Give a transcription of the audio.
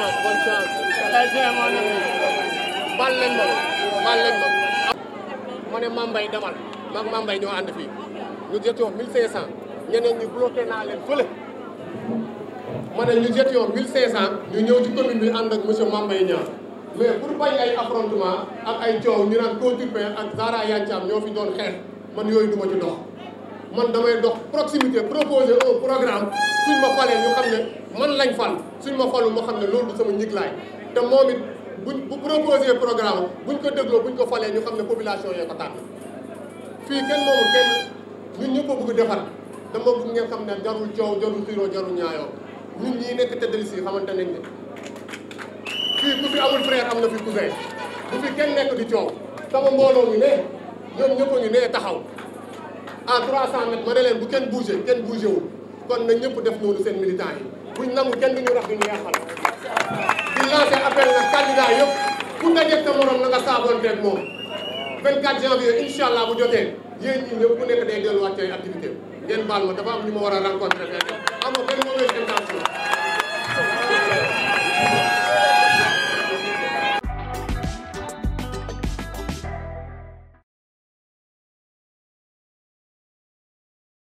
chance bonne chance tey vraiment nag baal leen ma baal leen ma ma ne Mambay demal maag Mambay ñoo ànd fii ñu jëtoon 1500 ñeneen ñi bloqué naa leen fële ma ne ñu jëtoon 1500 ñu ñëw ci commune bi ànd ak monsieur Mambay Niang mais pour bañ ay affrontement ak ay coow ñu naan Couture ak Zahra Iyane Thiam ñoo fi doon xeex man yooyu du ma ci man damay dox proximité proposer un programme suñ ma falee ñu xam ne man lañ fal suñ ma falu ma xam ne loolu du sama njiglaay te moom it buñ bu proposer programme buñ ko bu buñ ko falee ñu xam ne population yee ko tànn fii kenn moomu kenn ñu ñëpp a bëgg defar dama bëgg ngeen xam ne jarul coow jarul xiiroo jarul ñaayoo ñun ñii nekk te dellu si xamante nañ ne fii ku fi amul frère am na fi cousin bu fi kenn nekk di coow sama mbooloo mi ne ñoom ñëpp a ne taxaw à 300 mètres ma ne leen bu kenn bougé kenn bougé kon na ñëpp def noonu seen militant yi buñ nangu kenn du ñu rax du ñu yàqal di lancé appel nag candidat yëpp ku dajeeg sa morom na nga saabonteeg moom 24 janvier incha allah bu jotee yéen ñi ku nekk day delluwaat ci ay activité baal ma dafa am ñu ma war a rencontré fekk am benn mauvaise intention